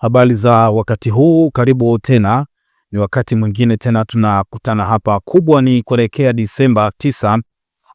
Habari za wakati huu, karibu tena, ni wakati mwingine tena tunakutana hapa. Kubwa ni kuelekea Disemba 9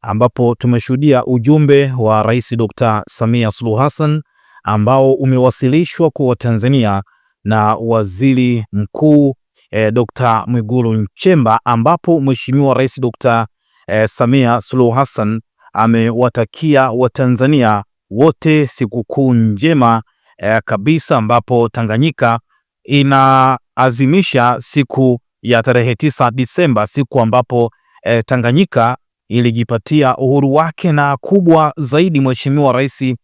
ambapo tumeshuhudia ujumbe wa Rais Dr. Samia Suluhu Hassan ambao umewasilishwa kwa Watanzania na Waziri Mkuu eh, Dr. Mwigulu Nchemba, ambapo Mheshimiwa Rais Dr. eh, Samia Suluhu Hassan amewatakia Watanzania wote sikukuu njema eh, kabisa ambapo Tanganyika inaazimisha siku ya tarehe tisa Disemba, siku ambapo eh, Tanganyika ilijipatia uhuru wake, na kubwa zaidi Mheshimiwa Rais eh,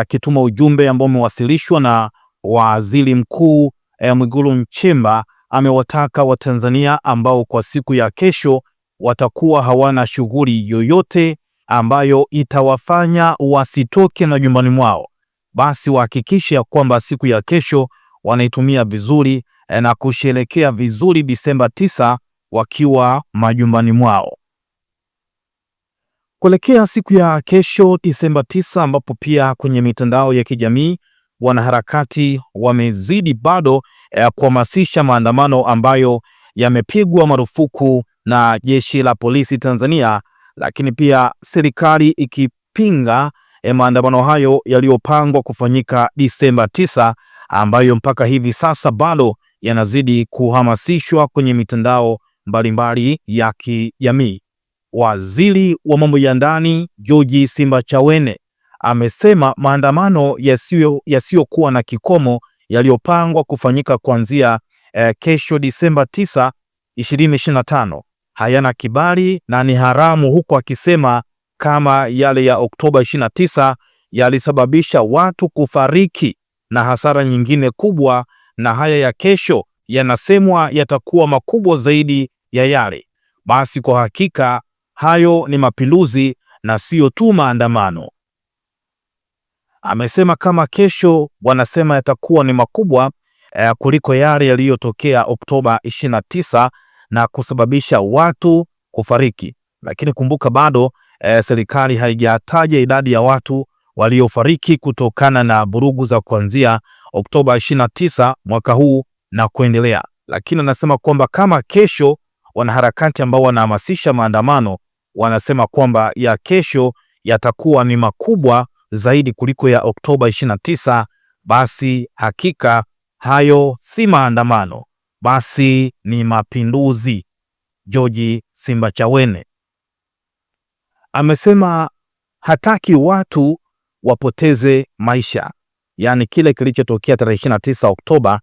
akituma eh, ujumbe ambao umewasilishwa na Waziri Mkuu eh, Mwigulu Nchemba amewataka Watanzania ambao kwa siku ya kesho watakuwa hawana shughuli yoyote ambayo itawafanya wasitoke na nyumbani mwao basi wahakikishe ya kwamba siku ya kesho wanaitumia vizuri eh, na kusherekea vizuri Disemba tisa wakiwa majumbani mwao kuelekea siku ya kesho Disemba tisa, ambapo pia kwenye mitandao ya kijamii wanaharakati wamezidi bado eh, kuhamasisha maandamano ambayo yamepigwa marufuku na jeshi la polisi Tanzania, lakini pia serikali ikipinga ya e, maandamano hayo yaliyopangwa kufanyika Disemba 9 ambayo mpaka hivi sasa bado yanazidi kuhamasishwa kwenye mitandao mbalimbali ya kijamii. Waziri wa mambo ya ndani George Simbachawene amesema maandamano yasiyokuwa na kikomo yaliyopangwa kufanyika kuanzia eh, kesho Disemba 9, 2025 hayana kibali na ni haramu, huku akisema kama yale ya Oktoba 29 yalisababisha watu kufariki na hasara nyingine kubwa, na haya ya kesho yanasemwa yatakuwa makubwa zaidi ya yale, basi kwa hakika hayo ni mapinduzi na siyo tu maandamano. Amesema kama kesho wanasema yatakuwa ni makubwa eh, kuliko yale yaliyotokea Oktoba 29 na kusababisha watu kufariki, lakini kumbuka bado eh, serikali haijataja idadi ya watu waliofariki kutokana na vurugu za kuanzia Oktoba 29 mwaka huu na kuendelea, lakini anasema kwamba kama kesho wanaharakati ambao wanahamasisha maandamano wanasema kwamba ya kesho yatakuwa ni makubwa zaidi kuliko ya Oktoba 29, basi hakika hayo si maandamano, basi ni mapinduzi. George Simbachawene amesema hataki watu wapoteze maisha, yaani kile kilichotokea tarehe 29 Oktoba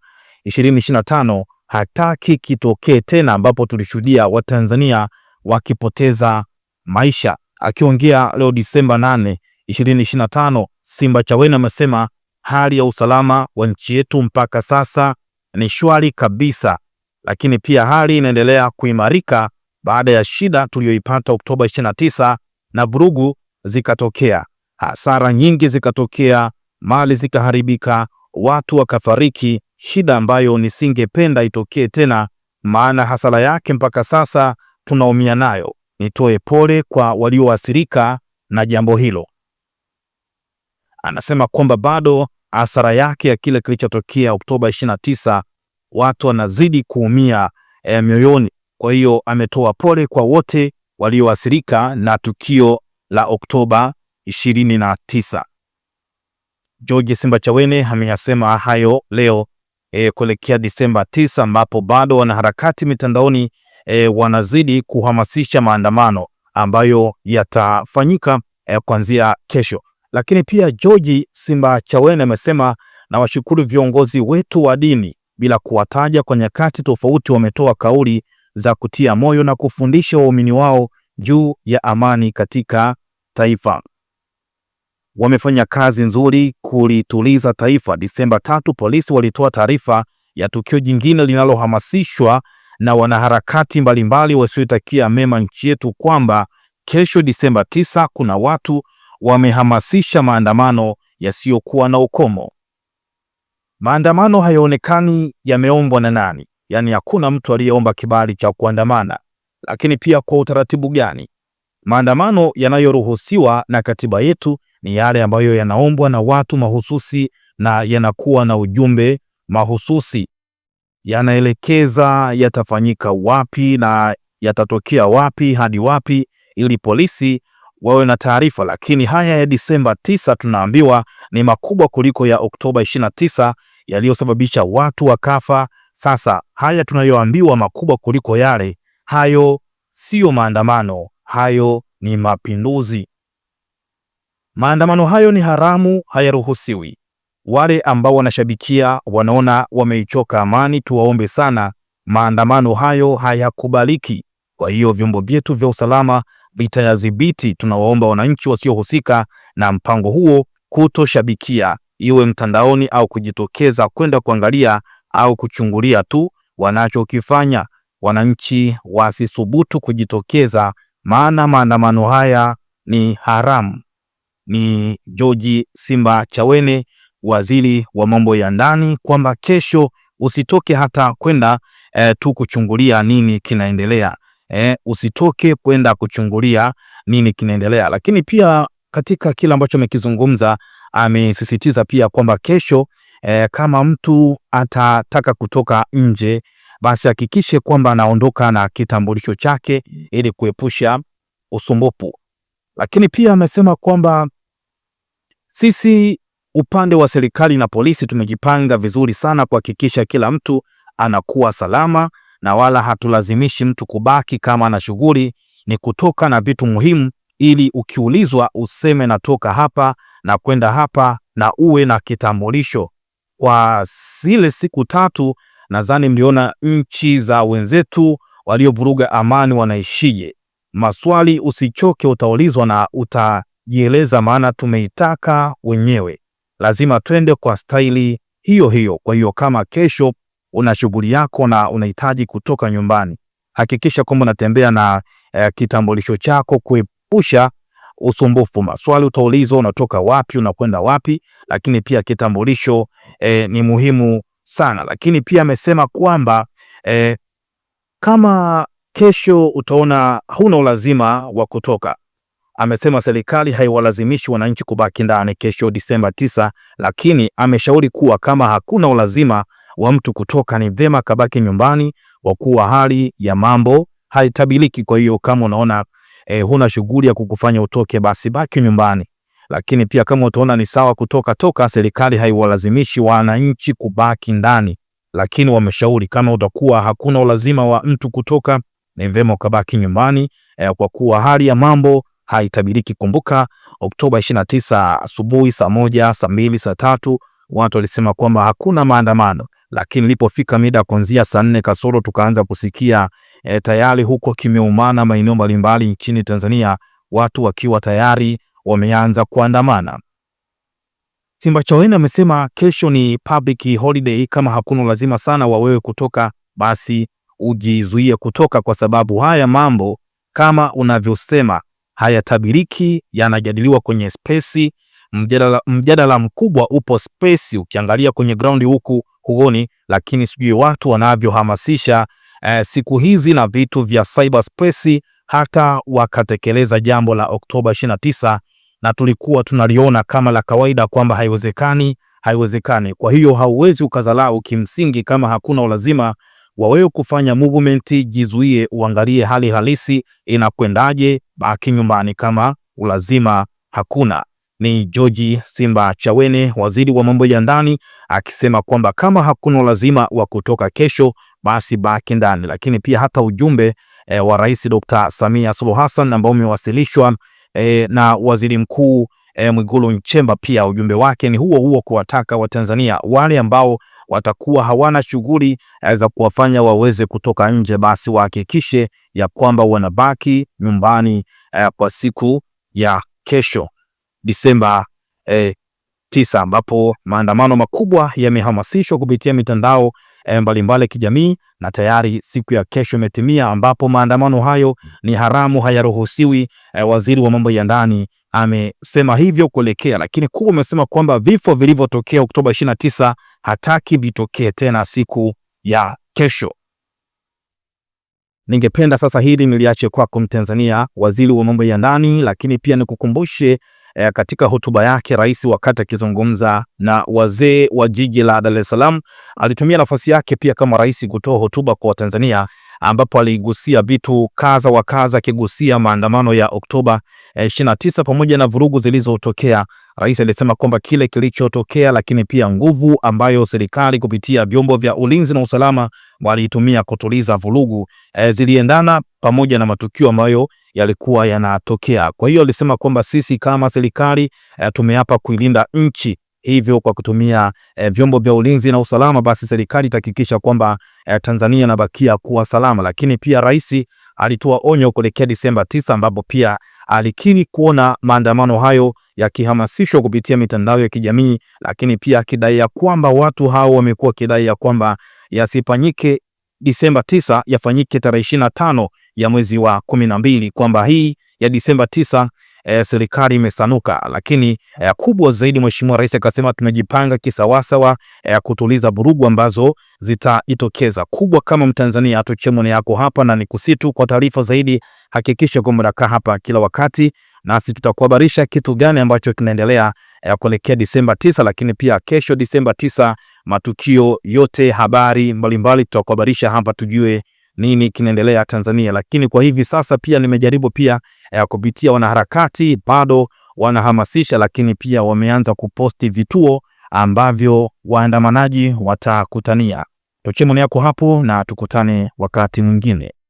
2025 hataki kitokee tena, ambapo tulishuhudia Watanzania wakipoteza maisha. Akiongea leo Disemba 8, 2025, Simba Chaweni amesema hali ya usalama wa nchi yetu mpaka sasa ni shwari kabisa, lakini pia hali inaendelea kuimarika baada ya shida tuliyoipata Oktoba 29 na vurugu zikatokea, hasara nyingi zikatokea, mali zikaharibika, watu wakafariki, shida ambayo nisingependa itokee tena, maana hasara yake mpaka sasa tunaumia nayo. Nitoe pole kwa walioathirika na jambo hilo. Anasema kwamba bado hasara yake ya kile kilichotokea Oktoba 29 watu wanazidi kuumia e, mioyoni. Kwa hiyo ametoa pole kwa wote walioathirika na tukio la Oktoba 29. George Simbachawene ameyasema hayo leo e, kuelekea Disemba 9 ambapo bado wanaharakati mitandaoni e, wanazidi kuhamasisha maandamano ambayo yatafanyika e, kuanzia kesho. Lakini pia George Simbachawene amesema na washukuru viongozi wetu wa dini bila kuwataja, kwa nyakati tofauti wametoa kauli za kutia moyo na kufundisha waumini wao juu ya amani katika taifa. Wamefanya kazi nzuri kulituliza taifa. Disemba tatu, polisi walitoa taarifa ya tukio jingine linalohamasishwa na wanaharakati mbalimbali wasiotakia mema nchi yetu kwamba kesho Disemba tisa kuna watu wamehamasisha maandamano yasiyokuwa na ukomo. Maandamano hayaonekani yameombwa na nani, yaani hakuna mtu aliyeomba kibali cha kuandamana lakini pia kwa utaratibu gani? Maandamano yanayoruhusiwa na katiba yetu ni yale ambayo yanaombwa na watu mahususi na yanakuwa na ujumbe mahususi, yanaelekeza yatafanyika wapi na yatatokea wapi hadi wapi, ili polisi wawe na taarifa. Lakini haya ya Disemba 9 tunaambiwa ni makubwa kuliko ya Oktoba 29 yaliyosababisha watu wakafa. Sasa haya tunayoambiwa makubwa kuliko yale hayo siyo maandamano, hayo ni mapinduzi. Maandamano hayo ni haramu, hayaruhusiwi. Wale ambao wanashabikia wanaona wameichoka amani, tuwaombe sana, maandamano hayo hayakubaliki. Kwa hiyo vyombo vyetu vya usalama vitayadhibiti. Tunawaomba wananchi wasiohusika na mpango huo kutoshabikia, iwe mtandaoni au kujitokeza kwenda kuangalia au kuchungulia tu wanachokifanya wananchi wasithubutu kujitokeza, maana maandamano haya ni haramu. Ni George Simba Chawene, waziri wa mambo ya ndani, kwamba kesho usitoke hata kwenda e, tu kuchungulia nini kinaendelea e, usitoke kwenda kuchungulia nini kinaendelea. Lakini pia katika kile ambacho amekizungumza amesisitiza pia kwamba kesho e, kama mtu atataka kutoka nje basi hakikishe kwamba anaondoka na kitambulisho chake ili kuepusha usumbufu. Lakini pia amesema kwamba sisi upande wa serikali na polisi tumejipanga vizuri sana kuhakikisha kila mtu anakuwa salama na wala hatulazimishi mtu kubaki kama ana shughuli, ni kutoka na vitu muhimu, ili ukiulizwa useme natoka hapa na kwenda hapa, na uwe na kitambulisho. Kwa zile siku tatu Nadhani mliona nchi za wenzetu waliovuruga amani wanaishije. Maswali usichoke, utaulizwa na utajieleza, maana tumeitaka wenyewe. Lazima twende kwa staili hiyo hiyo. Kwa hiyo kama kesho una shughuli yako na unahitaji kutoka nyumbani, hakikisha kwamba unatembea na eh, kitambulisho chako kuepusha usumbufu. Maswali utaulizwa, unatoka wapi, unakwenda wapi, lakini pia kitambulisho eh, ni muhimu sana, lakini pia amesema kwamba eh, kama kesho utaona huna ulazima wa kutoka. Amesema serikali haiwalazimishi wananchi kubaki ndani kesho Disemba tisa, lakini ameshauri kuwa kama hakuna ulazima wa mtu kutoka, ni vyema kabaki nyumbani, kwa kuwa hali ya mambo haitabiliki. Kwa hiyo kama unaona eh, huna shughuli ya kukufanya utoke, basi baki nyumbani lakini pia kama utaona ni sawa kutoka toka, serikali haiwalazimishi wananchi kubaki ndani, lakini wameshauri kama utakuwa hakuna ulazima wa mtu kutoka, ni vema ukabaki nyumbani eh, kwa kuwa hali ya mambo haitabiriki. Kumbuka Oktoba 29 asubuhi saa moja, saa mbili, saa tatu watu walisema kwamba hakuna maandamano, lakini ilipofika mida kuanzia saa nne kasoro tukaanza kusikia eh, tayari huko kimeumana maeneo mbalimbali nchini Tanzania, watu wakiwa tayari wameanza kuandamana. Simbachawene amesema kesho ni public holiday, kama hakuna lazima sana wa wewe kutoka, basi ujizuie kutoka, kwa sababu haya mambo kama unavyosema hayatabiriki, yanajadiliwa kwenye spesi. Mjadala, mjadala mkubwa upo spesi, ukiangalia kwenye ground huku huoni, lakini sijui watu wanavyohamasisha eh, siku hizi na vitu vya cyberspace, hata wakatekeleza jambo la Oktoba 29 na tulikuwa tunaliona kama la kawaida kwamba haiwezekani, haiwezekani. Kwa hiyo hauwezi ukazalau kimsingi, kama hakuna ulazima wa wewe kufanya movement. Jizuie, uangalie hali halisi inakwendaje, baki nyumbani kama ulazima hakuna. Ni George Simba Chawene, waziri wa mambo ya ndani, akisema kwamba kama hakuna ulazima wa kutoka kesho, basi baki ndani. Lakini pia hata ujumbe e, wa Rais Dr. Samia Suluhu Hassan ambao umewasilishwa e, na waziri mkuu e, Mwigulu Nchemba pia ujumbe wake ni huo huo, kuwataka Watanzania wale ambao watakuwa hawana shughuli e, za kuwafanya waweze kutoka nje, basi wahakikishe ya kwamba wanabaki nyumbani e, kwa siku ya kesho Disemba e, tisa ambapo maandamano makubwa yamehamasishwa kupitia mitandao Eh, mbalimbali kijamii, na tayari siku ya kesho imetimia ambapo maandamano hayo ni haramu, hayaruhusiwi. Eh, waziri wa mambo ya ndani amesema hivyo kuelekea, lakini kubwa amesema kwamba vifo vilivyotokea Oktoba 29 hataki vitokee tena siku ya kesho. Ningependa sasa hili niliache kwako Mtanzania, waziri wa mambo ya ndani, lakini pia nikukumbushe e, katika hotuba yake rais, wakati akizungumza na wazee wa jiji la Dar es Salaam, alitumia nafasi yake pia kama rais kutoa hotuba kwa tanzania ambapo aligusia vitu kaza wa kaza akigusia maandamano ya Oktoba 29 eh, pamoja na vurugu zilizotokea Rais alisema kwamba kile kilichotokea, lakini pia nguvu ambayo serikali kupitia vyombo vya ulinzi na usalama waliitumia kutuliza vurugu e, ziliendana pamoja na matukio ambayo yalikuwa yanatokea. Kwa hiyo alisema kwamba sisi kama serikali e, tumeapa kuilinda nchi hivyo kwa kutumia e, vyombo vya ulinzi na usalama, basi serikali itahakikisha kwamba e, Tanzania inabakia kuwa salama. Lakini pia rais alitoa onyo kuelekea Disemba 9 ambapo pia alikiri kuona maandamano hayo yakihamasishwa kupitia mitandao ya kijamii, lakini pia akidai ya kwamba watu hao wamekuwa wakidai ya kwamba yasifanyike Disemba 9 yafanyike tarehe 25 ya mwezi wa 12, kwamba hii ya Disemba 9 E, eh, serikali imesanuka, lakini e, kubwa zaidi, mheshimiwa rais akasema tunajipanga kisawasawa e, kutuliza vurugu ambazo zitajitokeza kubwa. Kama Mtanzania, atochemone yako hapa na nikusitu kwa taarifa zaidi, hakikisha kwamba unakaa hapa kila wakati nasi tutakuhabarisha kitu gani ambacho kinaendelea eh, kuelekea Disemba tisa, lakini pia kesho Disemba tisa, matukio yote, habari mbalimbali tutakuhabarisha hapa, tujue nini kinaendelea Tanzania. Lakini kwa hivi sasa pia nimejaribu pia eh, kupitia wanaharakati bado wanahamasisha, lakini pia wameanza kuposti vituo ambavyo waandamanaji watakutania. Tochee yako hapo na tukutane wakati mwingine.